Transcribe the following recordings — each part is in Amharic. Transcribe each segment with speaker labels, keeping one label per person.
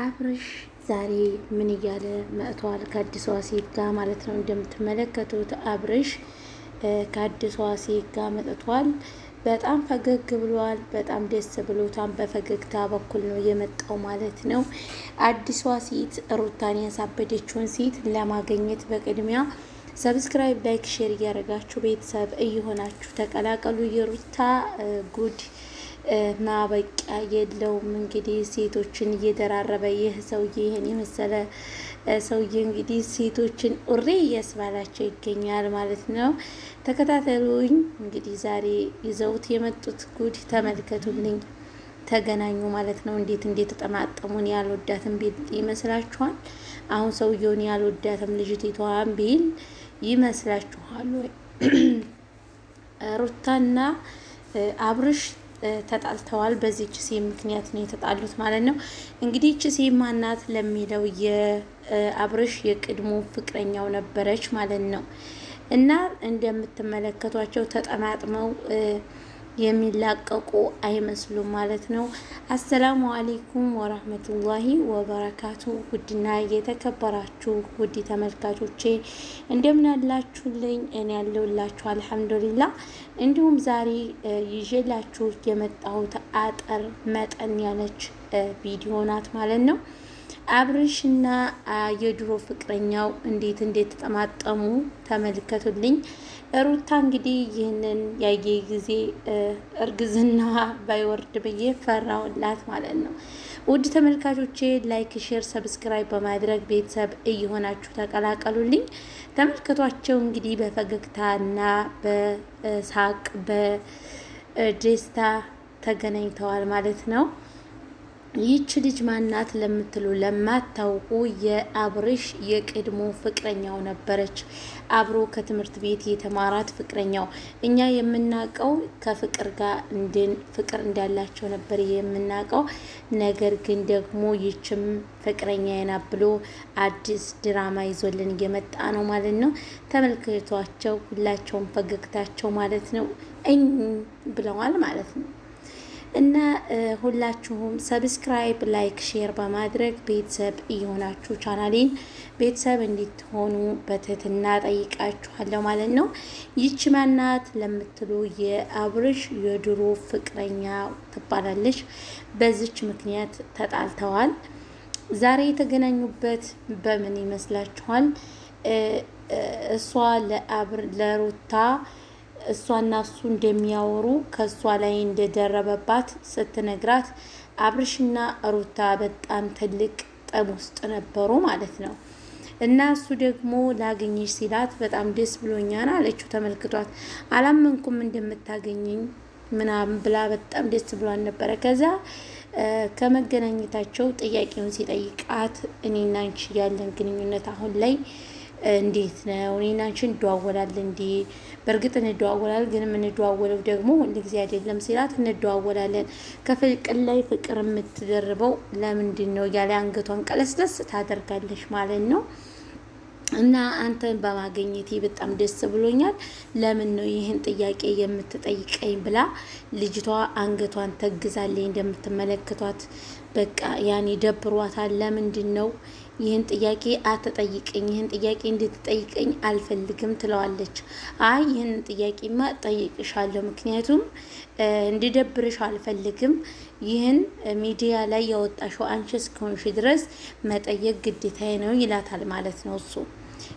Speaker 1: አብርሽ ዛሬ ምን እያለ መጥቷል? ከአዲሷ ሴት ጋር ማለት ነው። እንደምትመለከቱት አብርሽ ከአዲሷ ሴት ጋር መጥቷል። በጣም ፈገግ ብሏል። በጣም ደስ ብሎታን በፈገግታ በኩል ነው የመጣው ማለት ነው። አዲሷ ሴት ሩታን ያሳበደችውን ሴት ለማገኘት በቅድሚያ ሰብስክራይብ፣ ላይክ፣ ሼር እያደረጋችሁ ቤተሰብ እየሆናችሁ ተቀላቀሉ። የሩታ ጉድ ማበቂያ የለውም። እንግዲህ ሴቶችን እየደራረበ ይህ ሰውዬ ይህን የመሰለ ሰውዬ እንግዲህ ሴቶችን ኡሬ እያስባላቸው ይገኛል ማለት ነው። ተከታተሉኝ። እንግዲህ ዛሬ ይዘውት የመጡት ጉድ ተመልከቱልኝ። ተገናኙ ማለት ነው። እንዴት እንዴት ተጠማጠሙን። ያልወዳትም ቢል ይመስላችኋል? አሁን ሰውየውን ያልወዳትም ልጅቷን ቢል ይመስላችኋል ወይ? ሩታና አብርሽ ተጣልተዋል። በዚህ ችሴ ምክንያት ነው የተጣሉት ማለት ነው። እንግዲህ ችሴ ማናት ለሚለው የአብርሽ የቅድሞ ፍቅረኛው ነበረች ማለት ነው እና እንደምትመለከቷቸው ተጠማጥመው የሚላቀቁ አይመስሉም ማለት ነው። አሰላሙ አሌይኩም ወራህመቱላሂ ወበረካቱ። ውድና የተከበራችሁ ውድ ተመልካቾቼ እንደምናላችሁልኝ እኔ ያለውላችሁ አልሐምዱሊላ። እንዲሁም ዛሬ ይዤላችሁ የመጣሁት አጠር መጠን ያለች ቪዲዮ ናት ማለት ነው። አብርሽና የድሮ ፍቅረኛው እንዴት እንዴት ተጠማጠሙ ተመልከቱልኝ። ሩታ እንግዲህ ይህንን ያየ ጊዜ እርግዝናዋ ባይወርድ ብዬ ፈራውላት ማለት ነው። ውድ ተመልካቾቼ ላይክ፣ ሼር፣ ሰብስክራይብ በማድረግ ቤተሰብ እየሆናችሁ ተቀላቀሉልኝ። ተመልከቷቸው እንግዲህ በፈገግታና በሳቅ በደስታ ተገናኝተዋል ማለት ነው። ይች ልጅ ማናት ለምትሉ ለማታውቁ የአብርሽ የቅድሞ ፍቅረኛው ነበረች። አብሮ ከትምህርት ቤት የተማራት ፍቅረኛው። እኛ የምናውቀው ከፍቅር ጋር ፍቅር እንዳላቸው ነበር የምናውቀው። ነገር ግን ደግሞ ይችም ፍቅረኛ ና ብሎ አዲስ ድራማ ይዞልን እየመጣ ነው ማለት ነው። ተመልክቷቸው ሁላቸውም ፈገግታቸው ማለት ነው እኝ ብለዋል ማለት ነው። እና ሁላችሁም ሰብስክራይብ፣ ላይክ፣ ሼር በማድረግ ቤተሰብ እየሆናችሁ ቻናሌን ቤተሰብ እንዲትሆኑ በትህትና ጠይቃችኋለሁ ማለት ነው። ይች ማናት ለምትሉ የአብርሽ የድሮ ፍቅረኛ ትባላለች። በዚች ምክንያት ተጣልተዋል። ዛሬ የተገናኙበት በምን ይመስላችኋል? እሷ ለሩታ እሷና እሱ እንደሚያወሩ ከእሷ ላይ እንደደረበባት ስትነግራት አብርሽና ሩታ በጣም ትልቅ ጠም ውስጥ ነበሩ ማለት ነው። እና እሱ ደግሞ ላገኘሽ ሲላት በጣም ደስ ብሎኛል አለችው። ተመልክቷት አላመንኩም እንደምታገኘኝ ምናምን ብላ በጣም ደስ ብሏን ነበረ። ከዛ ከመገናኘታቸው ጥያቄውን ሲጠይቃት እኔና አንቺ ያለን ግንኙነት አሁን ላይ እንዴት ነው እኔና አንቺ እንደዋወላል እንዴ? በእርግጥ እንደዋወላል፣ ግን የምንደዋወለው ደግሞ ጊዜ አይደለም ሲላት እንደዋወላለን። ከፍቅር ላይ ፍቅር የምትደርበው ለምንድን ነው እያለ አንገቷን ቀለስለስ ታደርጋለች ማለት ነው። እና አንተን በማገኘቴ በጣም ደስ ብሎኛል። ለምን ነው ይህን ጥያቄ የምትጠይቀኝ? ብላ ልጅቷ አንገቷን ተግዛለኝ እንደምትመለከቷት በቃ ያኔ ደብሯታል። ለምንድን ነው ይህን ጥያቄ አትጠይቀኝ፣ ይህን ጥያቄ እንድትጠይቀኝ አልፈልግም ትለዋለች። አይ ይህን ጥያቄማ ጠይቅሻለሁ፣ ምክንያቱም እንዲደብርሽ አልፈልግም። ይህን ሚዲያ ላይ ያወጣሽው አንቺ እስከሆንሽ ድረስ መጠየቅ ግዴታዬ ነው ይላታል ማለት ነው እሱ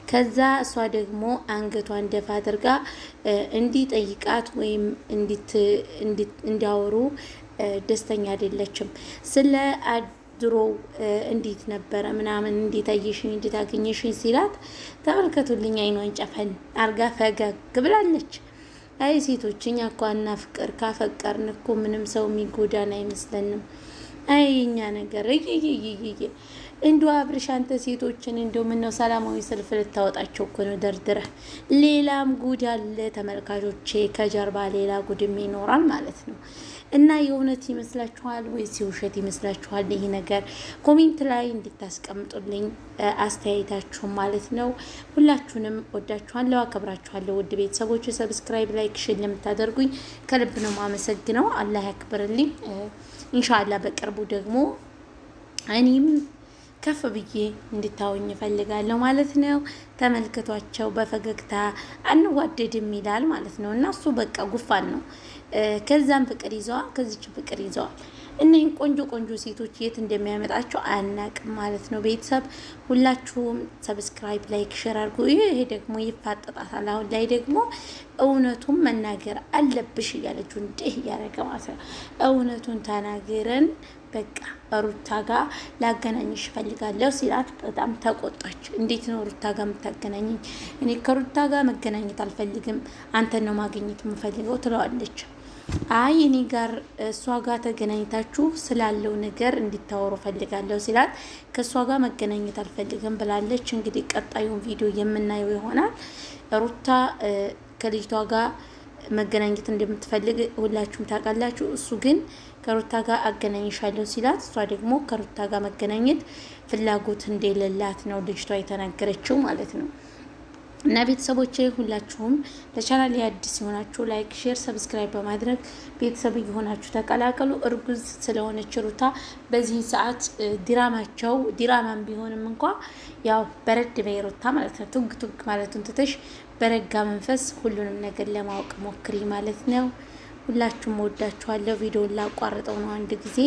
Speaker 1: ከዛ እሷ ደግሞ አንገቷን ደፋ አድርጋ እንዲጠይቃት ወይም እንዲያወሩ ደስተኛ አይደለችም ስለ ድሮ እንዴት ነበረ ምናምን እንዴት አየሽኝ እንዴት አገኘሽኝ ሲላት ተመልከቱልኝ፣ አይኗን ጨፈን አርጋ ፈገግ ብላለች። አይ ሴቶች እኛ እኮ ፍቅር ካፈቀርን እኮ ምንም ሰው የሚጎዳን አይመስለንም። አይኛ ነገር እይይይይ እንዶ አብርሽ አንተ ሴቶችን እንዶ ነው ሰላማዊ ሰልፍ ልታወጣቸው እኮ ነው ደርድረህ። ሌላም ጉድ አለ ተመልካቾቼ፣ ከጀርባ ሌላ ጉድም ይኖራል ማለት ነው። እና የእውነት ይመስላችኋል ወይስ የውሸት ይመስላችኋል? ይህ ነገር ኮሜንት ላይ እንድታስቀምጡልኝ አስተያየታችሁን ማለት ነው። ሁላችሁንም ወዳችኋለሁ፣ አከብራችኋለሁ። ውድ ቤተሰቦች ሰብስክራይብ፣ ላይክ፣ ሽን ለምታደርጉኝ ከልብ ነው ማመሰግነው። አላህ ያክብርልኝ። እንሻላ በቅርቡ ደግሞ እኔም ከፍ ብዬ እንድታወኝ እፈልጋለሁ ማለት ነው። ተመልክቷቸው በፈገግታ አንዋደድም ይላል ማለት ነው። እና እሱ በቃ ጉፋን ነው። ከዛም ፍቅር ይዘዋል፣ ከዚች ፍቅር ይዘዋል። እነህን ቆንጆ ቆንጆ ሴቶች የት እንደሚያመጣቸው አናቅም ማለት ነው። ቤተሰብ ሁላችሁም ሰብስክራይብ፣ ላይክ፣ ሼር አድርጉ። ይሄ ደግሞ ይፋጠጣታል። አሁን ላይ ደግሞ እውነቱን መናገር አለብሽ እያለችው እንዲህ እያደረገ ማለት ነው። እውነቱን ተናገረን በቃ ሩታ ጋር ላገናኝሽ እፈልጋለሁ ሲላት በጣም ተቆጣች። እንዴት ነው ሩታ ጋር የምታገናኘኝ? እኔ ከሩታ ጋር መገናኘት አልፈልግም፣ አንተን ነው ማግኘት የምፈልገው ትለዋለች። አይ እኔ ጋር እሷ ጋር ተገናኝታችሁ ስላለው ነገር እንዲታወሩ ፈልጋለሁ ሲላት ከእሷ ጋር መገናኘት አልፈልግም ብላለች። እንግዲህ ቀጣዩን ቪዲዮ የምናየው ይሆናል። ሩታ ከልጅቷ ጋር መገናኘት እንደምትፈልግ ሁላችሁም ታውቃላችሁ። እሱ ግን ከሩታ ጋር አገናኝሻለሁ ሲላት እሷ ደግሞ ከሩታ ጋር መገናኘት ፍላጎት እንደሌላት ነው ልጅቷ የተናገረችው ማለት ነው። እና ቤተሰቦቼ ሁላችሁም ለቻናል አዲስ የሆናችሁ ላይክ፣ ሼር፣ ሰብስክራይብ በማድረግ ቤተሰብ እየሆናችሁ ተቀላቀሉ። እርጉዝ ስለሆነች ሩታ በዚህ ሰዓት ዲራማቸው ዲራማም ቢሆንም እንኳ ያው በረድ በይ ሩታ ማለት ነው። ቱግ ቱግ ማለቱን ትተሽ በረጋ መንፈስ ሁሉንም ነገር ለማወቅ ሞክሪ ማለት ነው። ሁላችሁም ወዳችኋለሁ። ቪዲዮን ላቋርጠው ነው አንድ ጊዜ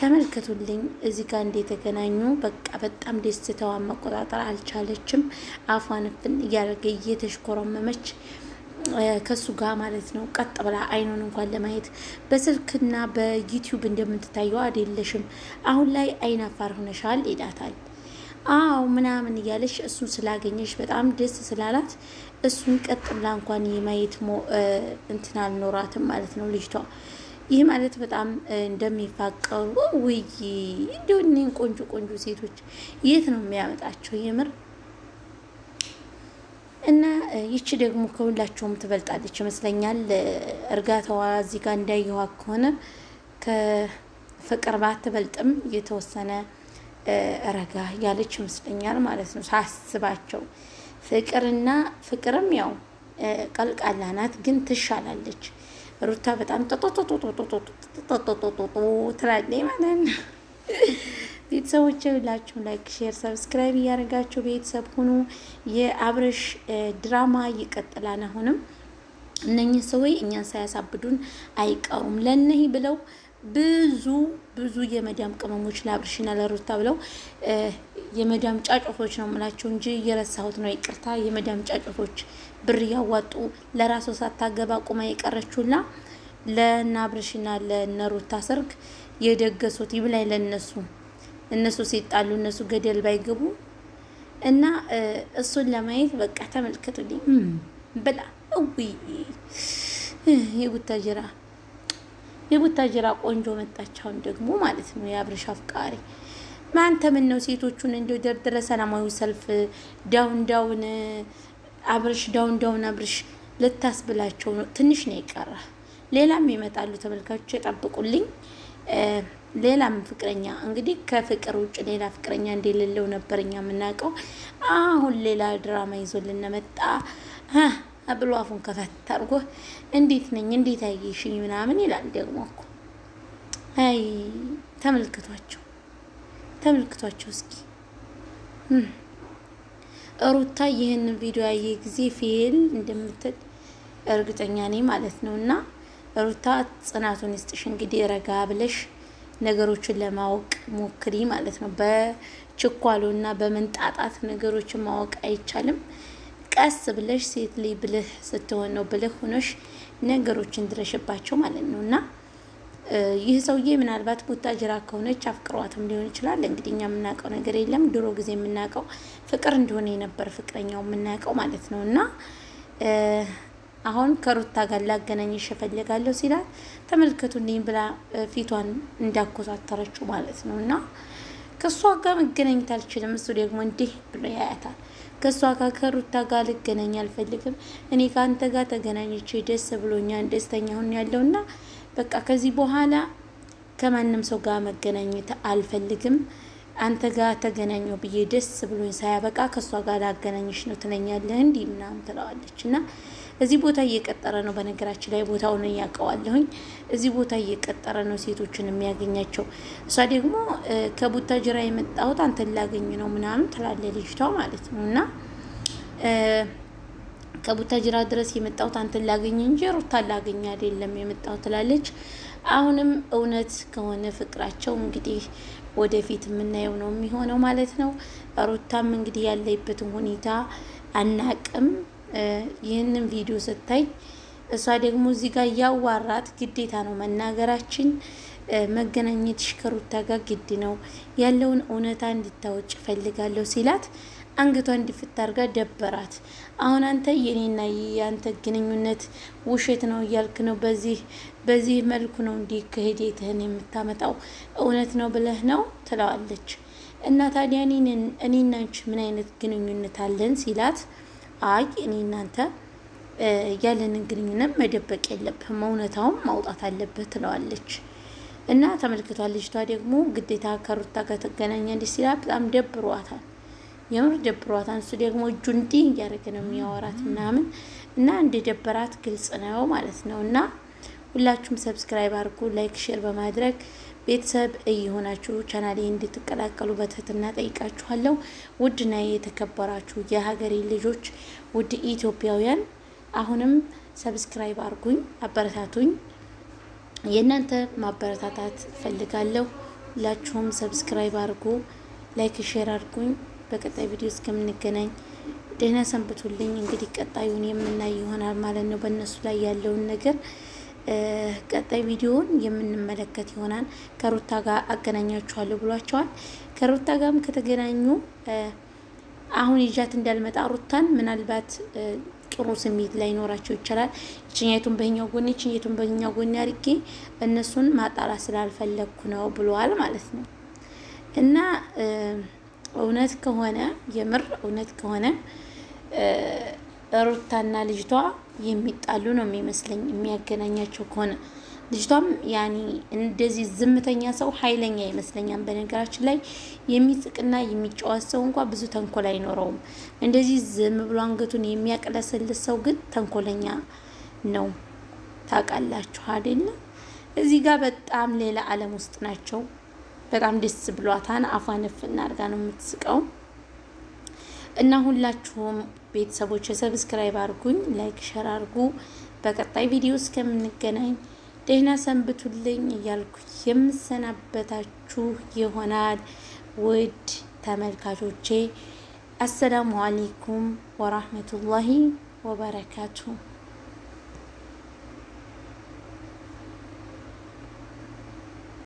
Speaker 1: ተመልከቱልኝ እዚህ ጋር የተገናኙ በቃ በጣም ደስተዋን መቆጣጠር አልቻለችም። አፏን ፍን እያደረገ እየተሽኮረመመች ከሱ ጋር ማለት ነው። ቀጥ ብላ አይኑን እንኳን ለማየት በስልክና በዩቲዩብ እንደምትታየው አይደለሽም። አሁን ላይ አይን አፋር ሆነሻል ይላታል። አዎ ምናምን እያለች እሱን ስላገኘች በጣም ደስ ስላላት እሱን ቀጥ ብላ እንኳን የማየት እንትን አልኖራትም ማለት ነው ልጅቷ ይህ ማለት በጣም እንደሚፋቀሩ ውይ፣ እንዲሁ እኔን ቆንጆ ቆንጆ ሴቶች የት ነው የሚያመጣቸው? የምር እና ይቺ ደግሞ ከሁላቸውም ትበልጣለች ይመስለኛል። እርጋታዋ እዚህ ጋር እንዳየዋ ከሆነ ከፍቅር ባትበልጥም የተወሰነ ረጋ ያለች ይመስለኛል ማለት ነው ሳስባቸው። ፍቅርና ፍቅርም ያው ቀልቃላ ናት፣ ግን ትሻላለች ሩታ በጣም ትላለች ማለት ነው። ቤተሰቦች ሁላችሁም ላይክ፣ ሼር፣ ሰብስክራይብ እያደረጋችሁ ቤተሰብ ሁኑ። ድራማ ይቀጥላል። አሁንም እነኚህ ሰዎች እኛን ሳያሳብዱን አይቀሩም ለነህ ብለው ብዙ ብዙ የመዳም ቅመሞች ለአብርሽና ለሩታ ብለው የመዳም ጫጮቶች ነው የምላቸው እንጂ እየረሳሁት ነው፣ ይቅርታ። የመዳም ጫጮቶች ብር እያዋጡ ለራሷ ሳታገባ ቁማ የቀረችውላ ለእነ አብርሽና ለእነ ሩታ ሰርግ የደገሱት ይብላኝ ለእነሱ። እነሱ ሲጣሉ እነሱ ገደል ባይገቡ እና እሱን ለማየት በቃ ተመልከቱልኝ ብላ እዊ የቡታጅራ የቡታጀራ ቆንጆ መጣች። አሁን ደግሞ ማለት ነው የአብርሽ አፍቃሪ ማንተ ምን ነው ሴቶቹን እንደ ደርድረ ሰላማዊ ሰልፍ ዳውን ዳውን አብርሽ ዳውን ዳውን አብርሽ ልታስብላቸው ነው። ትንሽ ነው የቀረ። ሌላም ይመጣሉ። ተመልካቾች የጠብቁልኝ። ሌላም ፍቅረኛ እንግዲህ ከፍቅር ውጭ ሌላ ፍቅረኛ እንደሌለው ነበር እኛ የምናውቀው። አሁን ሌላ ድራማ ይዞልን መጣ። ብሎ አፉን ከፈት አድርጎ እንዴት ነኝ እንዴት አየሽኝ ምናምን ይላል። ደግሞ እኮ አይ ተመልክቷቸው ተመልክቷቸው እስኪ ሩታ ይህን ቪዲዮ ያየ ጊዜ ፌል እንደምትል እርግጠኛ ነኝ ማለት ነው። እና ሩታ ጽናቱን ይስጥሽ እንግዲህ ረጋ ብለሽ ነገሮችን ለማወቅ ሞክሪ ማለት ነው። በችኳሉ እና በመንጣጣት ነገሮችን ማወቅ አይቻልም። ቀስ ብለሽ ሴት ላይ ብልህ ስትሆን ነው ብልህ ሆኖሽ ነገሮችን ድረሽባቸው ማለት ነው። እና ይህ ሰውዬ ምናልባት ቦታ ጅራ ከሆነች አፍቅሯትም ሊሆን ይችላል። እንግዲህ እኛ የምናውቀው ነገር የለም። ድሮ ጊዜ የምናውቀው ፍቅር እንደሆነ የነበር ፍቅረኛው የምናውቀው ማለት ነው እና አሁን ከሩታ ጋር ላገናኝሽ እፈልጋለሁ ሲላል ተመልከቱልኝ ብላ ፊቷን እንዳኮሳተረችው ማለት ነው እና ከእሷ ጋር መገናኘት አልችልም፣ እሱ ደግሞ እንዲህ ብሎ ያያታል። ከእሷ ጋር ከሩታ ጋር ልገናኝ አልፈልግም። እኔ ከአንተ ጋር ተገናኝቼ ደስ ብሎኛ ደስተኛ ሁን ያለውና በቃ ከዚህ በኋላ ከማንም ሰው ጋር መገናኘት አልፈልግም። አንተ ጋር ተገናኘው ብዬ ደስ ብሎኝ ሳያበቃ ከእሷ ጋር ላገናኝሽ ነው ትለኛለህ እንዲህ ምናምን ትለዋለች እና እዚህ ቦታ እየቀጠረ ነው። በነገራችን ላይ ቦታውን ያውቀዋለሁኝ። እዚህ ቦታ እየቀጠረ ነው ሴቶችን የሚያገኛቸው። እሷ ደግሞ ጅራ የመጣሁት አንተን ላገኝ ነው ምናምን ትላለ ልጅቷ ማለት ነው። እና ከቡታጅራ ድረስ የመጣሁት አንተን ላገኝ እንጂ ሩታ ላገኝ አይደለም የመጣሁ ትላለች። አሁንም እውነት ከሆነ ፍቅራቸው እንግዲህ ወደፊት የምናየው ነው የሚሆነው ማለት ነው። ሩታም እንግዲህ ያለበትን ሁኔታ አናቅም። ይህንን ቪዲዮ ስታይ እሷ ደግሞ እዚህ ጋር እያዋራት ግዴታ ነው መናገራችን መገናኘትሽ ከሩታ ጋር ግድ ነው ያለውን እውነታ እንድታወጭ ፈልጋለሁ ሲላት አንገቷ አርጋ ደበራት። አሁን አንተ የኔና የአንተ ግንኙነት ውሸት ነው እያልክ ነው። በዚህ በዚህ መልኩ ነው እንዲህ ከሄዴትህን የምታመጣው እውነት ነው ብለህ ነው ትለዋለች። እና ታዲያ እኔና አንቺ ምን አይነት ግንኙነት አለን ሲላት አይ እኔ እናንተ ያለንን ግንኙነት መደበቅ የለብህም እውነታውን ማውጣት አለብህ ትለዋለች። እና ተመልክቷል። ልጅቷ ደግሞ ግዴታ ከሩታ ጋር ትገናኛለች ሲላ በጣም ደብሯታል። የምር ደብሯታል። እሱ ደግሞ እጁ እንዲህ እያደረገ ነው የሚያወራት ምናምን እና እንደ ደበራት ግልጽ ነው ማለት ነው። እና ሁላችሁም ሰብስክራይብ አድርጉ፣ ላይክ፣ ሼር በማድረግ ቤተሰብ እየሆናችሁ ቻናሌ እንድትቀላቀሉ በትህትና ጠይቃችኋለሁ። ውድና የተከበራችሁ የሀገሬ ልጆች፣ ውድ ኢትዮጵያውያን አሁንም ሰብስክራይብ አርጉኝ፣ አበረታቱኝ። የእናንተ ማበረታታት ፈልጋለሁ። ሁላችሁም ሰብስክራይብ አርጉ፣ ላይክ፣ ሼር አርጉኝ። በቀጣይ ቪዲዮ እስከምንገናኝ ደህና ሰንብቱልኝ። እንግዲህ ቀጣዩን የምናይ ይሆናል ማለት ነው። በእነሱ ላይ ያለውን ነገር ቀጣይ ቪዲዮውን የምንመለከት ይሆናል። ከሩታ ጋር አገናኛችኋለሁ ብሏቸዋል። ከሩታ ጋርም ከተገናኙ አሁን ይዣት እንዳልመጣ ሩታን ምናልባት ጥሩ ስሜት ላይኖራቸው ይችላል። ይችኛቱን በኛው ጎን ይችኛቱን በኛው ጎን አድርጌ እነሱን ማጣላት ስላልፈለግኩ ነው ብለዋል ማለት ነው። እና እውነት ከሆነ የምር እውነት ከሆነ ሩታና ልጅቷ የሚጣሉ ነው የሚመስለኝ የሚያገናኛቸው ከሆነ ልጅቷም ያኒ እንደዚህ ዝምተኛ ሰው ኃይለኛ ይመስለኛል። በነገራችን ላይ የሚስቅና የሚጫወት ሰው እንኳ ብዙ ተንኮል አይኖረውም። እንደዚህ ዝም ብሎ አንገቱን የሚያቅለሰልስ ሰው ግን ተንኮለኛ ነው። ታውቃላችሁ አይደለም? እዚህ ጋር በጣም ሌላ ዓለም ውስጥ ናቸው። በጣም ደስ ብሏታን አፏ ነፍና አድርጋ ነው የምትስቀው እና ሁላችሁም ቤተሰቦች ሰብስክራይብ አርጉኝ፣ ላይክ ሸር አርጉ። በቀጣይ ቪዲዮ እስከምንገናኝ ደህና ሰንብቱልኝ እያልኩ የምሰናበታችሁ ይሆናል። ውድ ተመልካቾቼ አሰላሙ አሌይኩም ወራህመቱላሂ ወበረካቱሁ።